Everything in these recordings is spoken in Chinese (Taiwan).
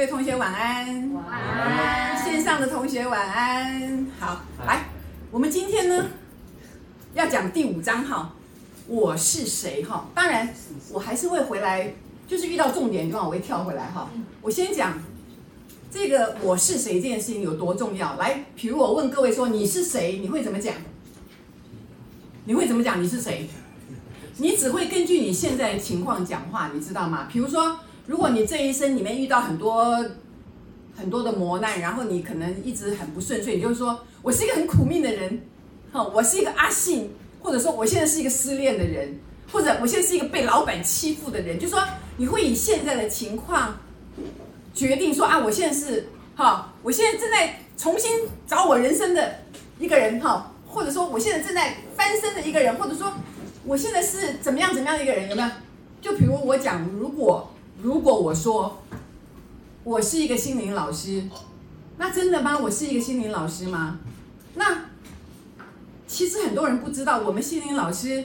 各位同學晚安，晚安。晚安，線上的同學晚安。好，來，我們今天呢要講第五章哈，我是誰哈。當然，我還是會回來，就是遇到重點地方我會跳回來哈、嗯這個。我先講這個我是誰這件事情有多重要。來，譬如我問各位說你是誰，你會怎麼講？你會怎麼講你是誰？你只會根據你現在的情況講話，你知道嗎？譬如說。如果你這一生裡面遇到很多很多的磨難，然後你可能一直很不順遂，你就是說我是一個很苦命的人，哈，我是一個阿信，或者說我現在是一個失戀的人，或者我現在是一個被老闆欺負的人，就說你會以現在的情況決定說啊，我現在是哈，我現在正在重新找我人生的一個人哈，或者說我現在正在翻身的一個人，或者說我現在是怎麼樣怎麼樣的一個人，有沒有？就比如我講如果。如果我說我是一個心靈老師，那真的嗎？我是一個心靈老師嗎？那其實很多人不知道，我們心靈老師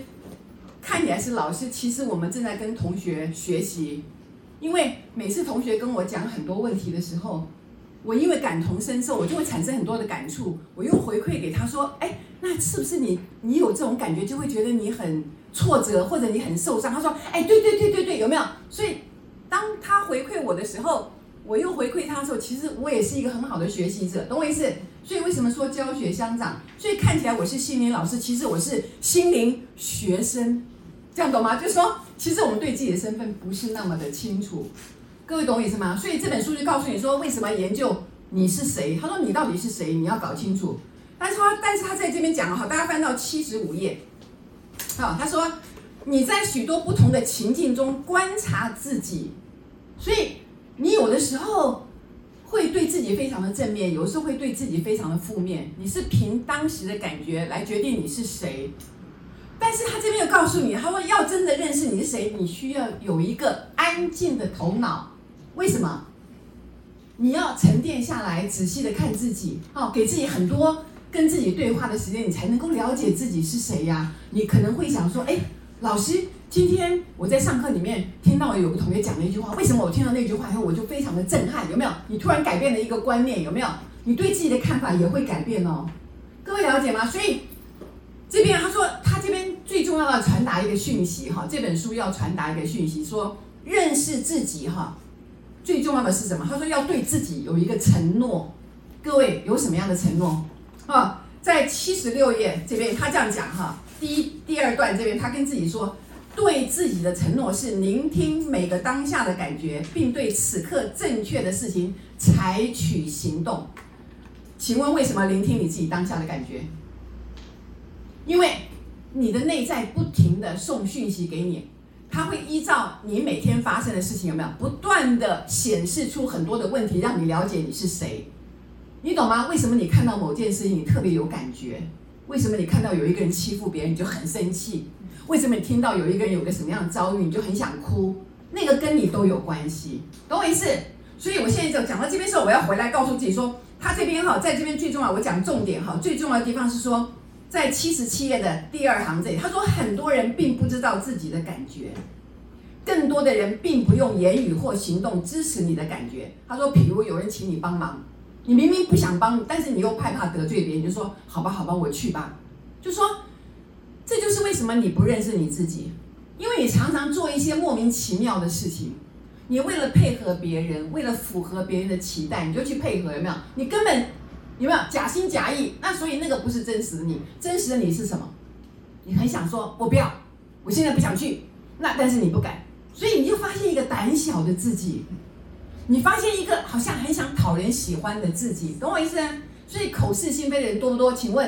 看起來是老師，其實我們正在跟同學學習。因為每次同學跟我講很多問題的時候，我因為感同身受，我就會產生很多的感觸，我又回饋給他說：“哎，那是不是你？你有這種感覺，就會覺得你很挫折，或者你很受傷？”他說：“哎，對對對對對，有沒有？”所以……當他回饋我的時候，我又回饋他的時候，其實我也是一個很好的學習者，懂我意思？所以為什麼說教學相長？所以看起來我是心靈老師，其實我是心靈學生，這樣懂嗎？就是說，其實我們對自己的身份不是那麼的清楚，各位懂我意思嗎？所以這本書就告訴你說，為什麼研究你是誰？他說你到底是誰？你要搞清楚。但是他，但是他在這邊講哈，大家翻到七十五頁，好，他說。你在許多不同的情境中觀察自己，所以你有的時候會對自己非常的正面，有時候會對自己非常的負面。你是憑當時的感覺來決定你是誰，但是他這邊又告訴你，他說要真的認識你是誰，你需要有一個安靜的頭腦。為什麼？你要沉澱下來，仔細的看自己，好，給自己很多跟自己對話的時間，你才能夠了解自己是誰呀。你可能會想說，誒、哎……老師，今天我在上課裡面聽到有個同學講了一句話，為什麼我聽到那句話以後我就非常的震撼，有沒有？你突然改變了一個觀念，有沒有？你對自己的看法也會改變哦。各位了解嗎？所以這邊他說他這邊最重要的傳達一個訊息哈，這本書要傳達一個訊息，說認識自己哈，最重要的是什麼？他說要對自己有一個承諾。各位有什麼樣的承諾？啊，在七十六頁這邊他這樣講哈。第一、第二段這邊，他跟自己說，對自己的承諾是聆聽每個當下的感覺，並對此刻正確的事情採取行動。請問為什麼聆聽你自己當下的感覺？因為你的內在不停的送訊息給你，它會依照你每天發生的事情有沒有不斷的顯示出很多的問題，讓你了解你是誰，你懂嗎？為什麼你看到某件事情你特別有感覺？為什麼你看到有一個人欺負別人，你就很生氣？為什麼你聽到有一個人有個什麼樣的遭遇，你就很想哭？那個跟你都有關係，懂我意思？所以我現在就講到這邊時候，我要回來告訴自己說，他這邊哈，在這邊最重要，我講重點哈，最重要的地方是說，在七十七頁的第二行這裡，他說很多人並不知道自己的感覺，更多的人並不用言語或行動支持你的感覺。他說，譬如有人請你幫忙。你明明不想幫，但是你又害怕得罪別人，你就說好吧，好吧，我去吧。就說，這就是為什麼你不認識你自己，因為你常常做一些莫名其妙的事情。你為了配合別人，為了符合別人的期待，你就去配合，有沒有？你根本有沒有假心假意？那所以那個不是真實的你，真實的你是什麼？你很想說，我不要，我現在不想去。那但是你不敢，所以你就發現一個膽小的自己。你發現一個好像很想討人喜歡的自己，懂我意思？所以口是心非的人多不多？請問，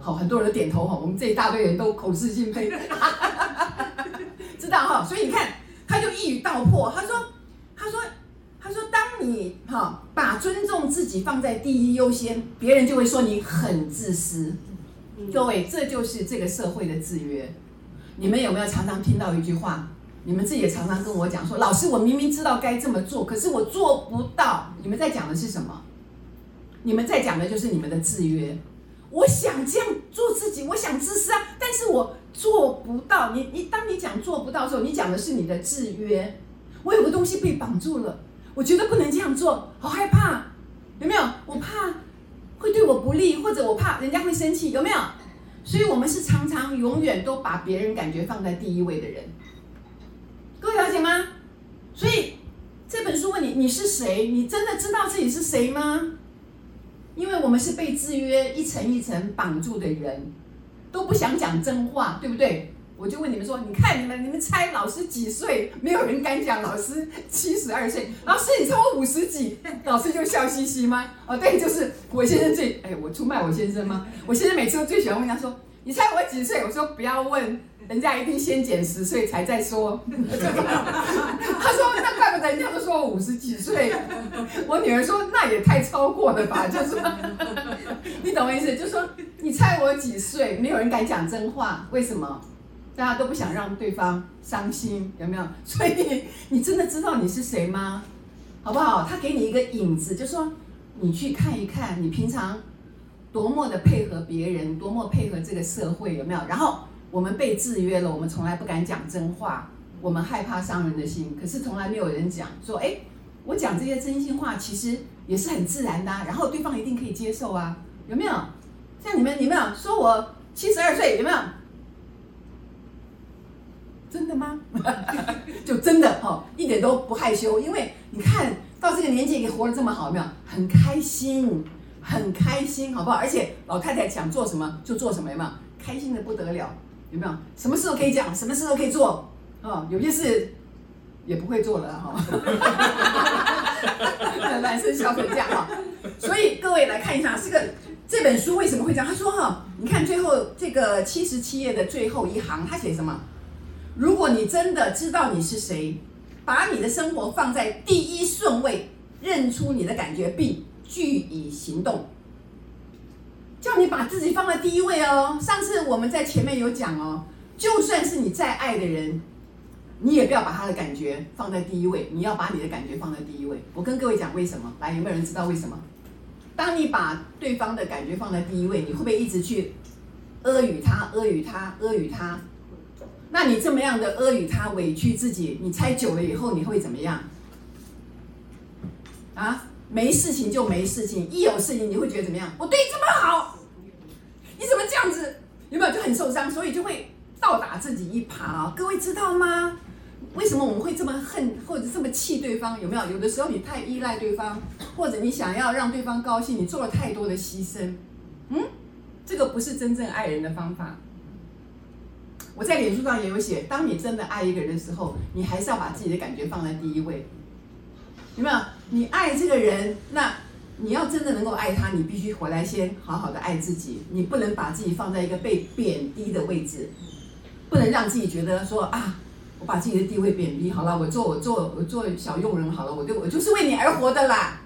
好，很多人都點頭哈。我們這一大堆人都口是心非，哈哈哈哈，知道哈、哦。所以你看，他就一語道破，他說，他說，他說，他說當你哈、哦，把尊重自己放在第一優先，別人就會說你很自私。各位，這就是這個社會的制約。你們有沒有常常聽到一句話？你們自己也常常跟我講說，老師，我明明知道該這麼做，可是我做不到。你們在講的是什麼？你們在講的就是你們的制約。我想這樣做自己，我想自私啊，但是我做不到。你你，當你講做不到的時候，你講的是你的制約。我有個東西被綁住了，我覺得不能這樣做，好害怕。有沒有？我怕會對我不利，或者我怕人家會生氣，有沒有？所以，我們是常常永遠都把別人感覺放在第一位的人。對嗎？所以這本書問你：你是誰？你真的知道自己是誰嗎？因為我們是被制約一層一層綁住的人，都不想講真話，對不對？我就問你們說：你看你們，你們猜老師幾歲？沒有人敢講。老師七十二歲，老師你猜我五十幾？老師就笑嘻嘻嗎？哦，對，就是我先生最……哎，我出賣我先生嗎？我先生每次都最喜歡問跟他說。你猜我幾歲？我說不要問，人家一定先減十歲才再說。 他說，那怪不得人家都說我五十幾歲。我女兒說，那也太超過了吧。就是你懂我意思，就說你猜我幾歲？沒有人敢講真話，為什麼？大家都不想讓對方傷心，有沒有？所以你，你真的知道你是誰嗎？好不好？他給你一個引子，就說你去看一看，你平常。多麼的配合別人，多麼配合這個社會，有沒有？然後我們被制約了，我們從來不敢講真話，我們害怕傷人的心。可是從來沒有人講說，哎，我講這些真心話，其實也是很自然的啊，然後對方一定可以接受啊，有沒有？像你們，你們有說我七十二歲，有沒有？真的嗎？ 就真的哈，一點都不害羞，因為你看到這個年紀也活得這麼好，有沒有？很開心。很開心，好不好？而且老太太想做什麼就做什麼呀嘛有沒有，開心的不得了，有沒有？什麼事都可以講，什麼事都可以做。哦，有些事也不會做了哈、啊。男生笑成這樣哈，哦、 所以各位來看一下這個 這本書為什麼會這樣？他說哈、哦，你看最後這個七十七頁的最後一行，他寫什麼？如果你真的知道你是誰，把你的生活放在第一順位，認出你的感覺，並。據以行動，叫你把自己放在第一位哦。上次我們在前面有講哦，就算是你再愛的人，你也不要把他的感覺放在第一位，你要把你的感覺放在第一位。我跟各位講為什麼？來，有沒有人知道為什麼？當你把對方的感覺放在第一位，你會不會一直去阿諛他、阿諛他、阿諛他？那你這麼樣的阿諛他、委屈自己，你猜久了以後你會怎麼樣？啊？沒事情就沒事情，一有事情你會覺得怎麼樣？我對你這麼好，你怎麼這樣子？有沒有就很受傷，所以就會倒打自己一耙。各位知道嗎？為什麼我們會這麼恨或者這麼氣對方？有沒有？有的時候你太依賴對方，或者你想要讓對方高興，你做了太多的犧牲。嗯，這個不是真正愛人的方法。我在臉書上也有寫，當你真的愛一個人的時候，你還是要把自己的感覺放在第一位。有沒有？你愛這個人，那你要真的能夠愛他，你必須回來先好好的愛自己。你不能把自己放在一個被貶低的位置，不能讓自己覺得說啊，我把自己的地位貶低好了，我做我做我做，我做小傭人好了，我就我就是為你而活的啦，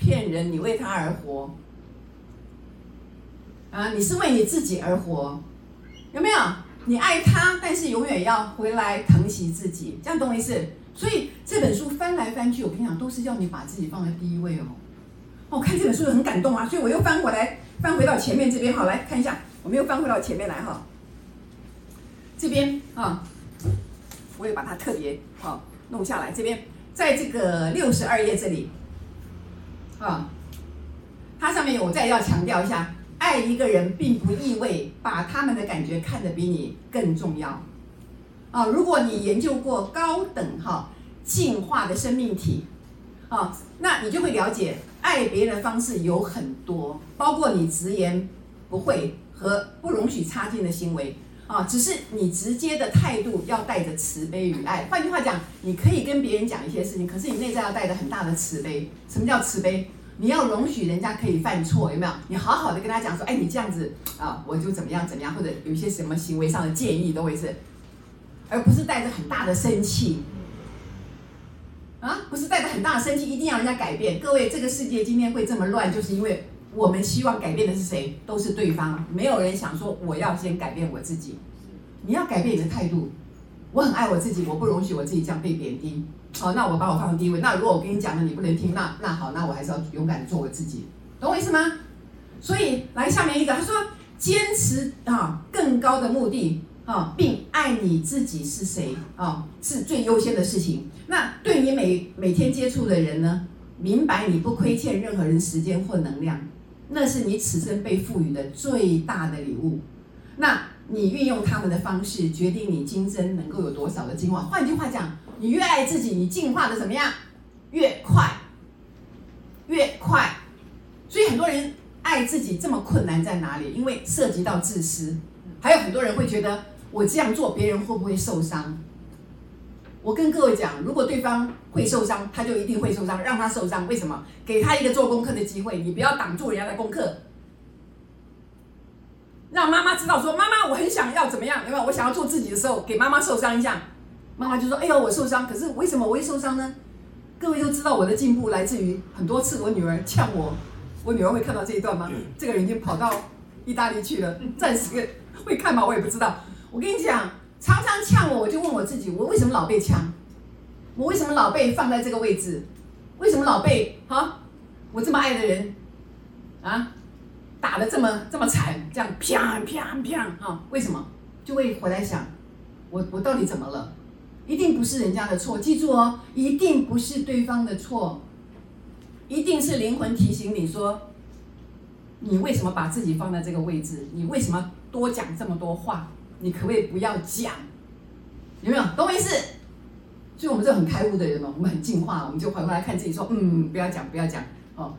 騙人，你為他而活，啊，你是為你自己而活，有沒有？你愛他，但是永遠要回來疼惜自己，這樣懂我意思？所以這本書翻來翻去，我跟你講，都是要你把自己放在第一位哦。哦，看這本書很感動啊，所以我又翻回來，翻回到前面這邊，好來看一下，我們又翻回到前面來哈、哦。這邊啊、哦，我也把它特別哈、哦、弄下來。這邊在這個六十二頁這裡啊、哦，它上面有我再要強調一下：愛一個人並不意味把他們的感覺看得比你更重要。啊，如果你研究過高等哈進化的生命體，啊，那你就會了解愛別人的方式有很多，包括你直言不諱和不容許插進的行為，啊，只是你直接的態度要帶着慈悲與愛。換句話講，你可以跟別人講一些事情，可是你內在要帶着很大的慈悲。什麼叫慈悲？你要容許人家可以犯錯，有沒有？你好好的跟他講說，哎，你這樣子啊，我就怎麼樣怎麼樣，或者有一些什麼行為上的建議，都會是。而不是帶着很大的生氣，啊，不是帶着很大的生氣，一定要人家改變。各位，這個世界今天會這麼亂，就是因為我們希望改變的是誰？都是對方。沒有人想說我要先改變我自己。你要改變你的態度。我很愛我自己，我不容許我自己這樣被貶低。好，哦，那我把我放在第一位。那如果我跟你講了你不能聽，那那好，那我還是要勇敢的做我自己。懂我意思嗎？所以來下面一個，他說堅持啊，哦，更高的目的。啊，並愛你自己是誰啊，是最優先的事情。那對你每每天接觸的人呢，明白你不虧欠任何人時間或能量，那是你此生被賦予的最大的禮物。那你運用他們的方式，決定你今生能夠有多少的進化。換句話講，你越愛自己，你進化得怎麼樣？越快，越快。所以很多人愛自己這麼困難在哪裡？因為涉及到自私，還有很多人會覺得。我這樣做，別人會不會受傷？我跟各位講，如果對方會受傷，他就一定會受傷。讓他受傷，為什麼？給他一個做功課的機會，你不要擋住人家的功課。讓媽媽知道說，媽媽，我很想要怎麼樣？有沒有，我想要做自己的時候，給媽媽受傷一下。媽媽就說：“哎呦，我受傷，可是為什麼我會受傷呢？”各位都知道我的進步來自於很多次我女兒嗆我。我女兒會看到這一段嗎？這個人已經跑到意大利去了，暫時會看嗎？我也不知道。我跟你講，常常嗆我，我就問我自己，我為什麼老被嗆？我為什麼老被放在這個位置？為什麼老被好、啊？我這麼愛的人，啊，打得這麼這麼慘，這樣啪啪啪啊？為什麼？就會回來想，我我到底怎麼了？一定不是人家的錯，記住哦，一定不是對方的錯，一定是靈魂提醒你說，你為什麼把自己放在這個位置？你為什麼多講這麼多話？你可不可以不要講？有沒有懂我意思？所以我們是很開悟的人哦，我們很進化，我們就回過來看自己說，嗯，不要講，不要講哦。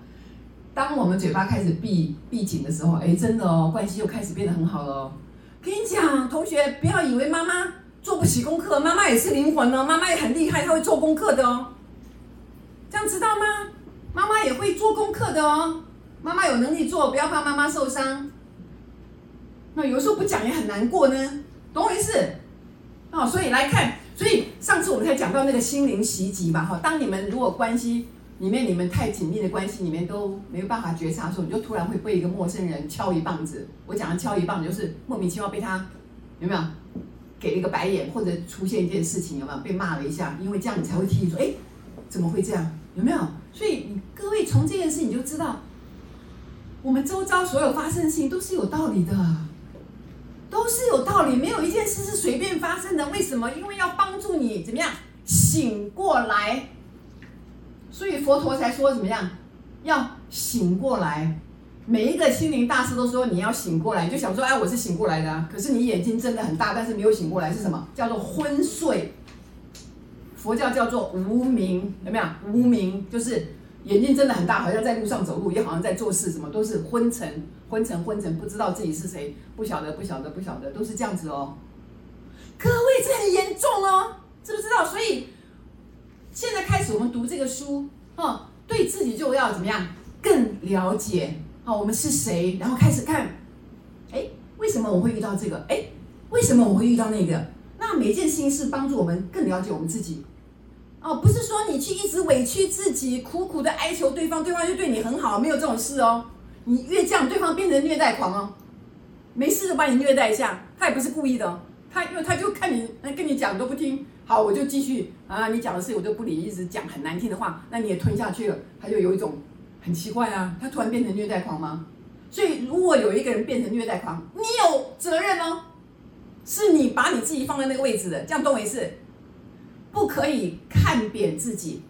當我們嘴巴開始閉閉緊的時候，哎，真的哦，關係又開始變得很好了哦。跟你講，同學，不要以為媽媽做不起功課，媽媽也是靈魂哦，媽媽也很厲害，她會做功課的哦。這樣知道嗎？媽媽也會做功課的哦，媽媽有能力做，不要怕媽媽受傷。那有時候不講也很難過呢，懂我意思？哦，所以來看，所以上次我們才講到那個心靈襲擊吧？哈，當你們如果關係裡面你們太緊密的關係裡面都沒有辦法覺察的時候，你就突然會被一個陌生人敲一棒子。我講的敲一棒子就是莫名其妙被他有沒有給一個白眼，或者出現一件事情有沒有被罵了一下？因為這樣你才會提醒你說，哎，怎麼會這樣？有沒有？所以你各位從這件事你就知道，我們周遭所有發生的事情都是有道理的。都是有道理，沒有一件事是隨便發生的。為什麼？因為要幫助你怎麼樣醒過來，所以佛陀才說怎麼樣，要醒過來。每一個心靈大師都說你要醒過來，就想說哎，我是醒過來的啊。可是你眼睛睜得很大，但是沒有醒過來，是什麼？叫做昏睡。佛教叫做無明，有沒有？無明就是。眼睛真的很大，好像在路上走路，也好像在做事，什麼都是昏沉、昏沉、昏沉，不知道自己是誰，不曉得、不曉得、不曉得，都是這樣子哦。各位，這很嚴重哦，知不知道？所以現在開始，我們讀這個書，哦，對自己就要怎麼樣，更了解，哦，我們是誰？然後開始看，哎，為什麼我會遇到這個？哎，為什麼我會遇到那個？那每件事情是幫助我們更了解我們自己。哦，不是說你去一直委屈自己，苦苦的哀求對方，對方就對你很好，沒有這種事哦。你越這樣，對方變成虐待狂哦。沒事就把你虐待一下，他也不是故意的。他因為他就看你，跟你講都不聽，好，我就繼續啊，你講的事我就不理，一直講很難聽的話，那你也吞下去了。他就有一種很奇怪啊，他突然變成虐待狂嗎？所以如果有一個人變成虐待狂，你有責任哦，是你把你自己放在那個位置的，這樣都沒事。不可以看扁自己，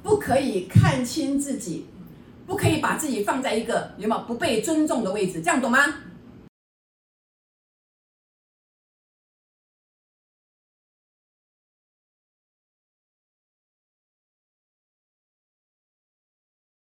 不可以看輕自己，不可以把自己放在一個，有沒有，不被尊重的位置，這樣懂嗎？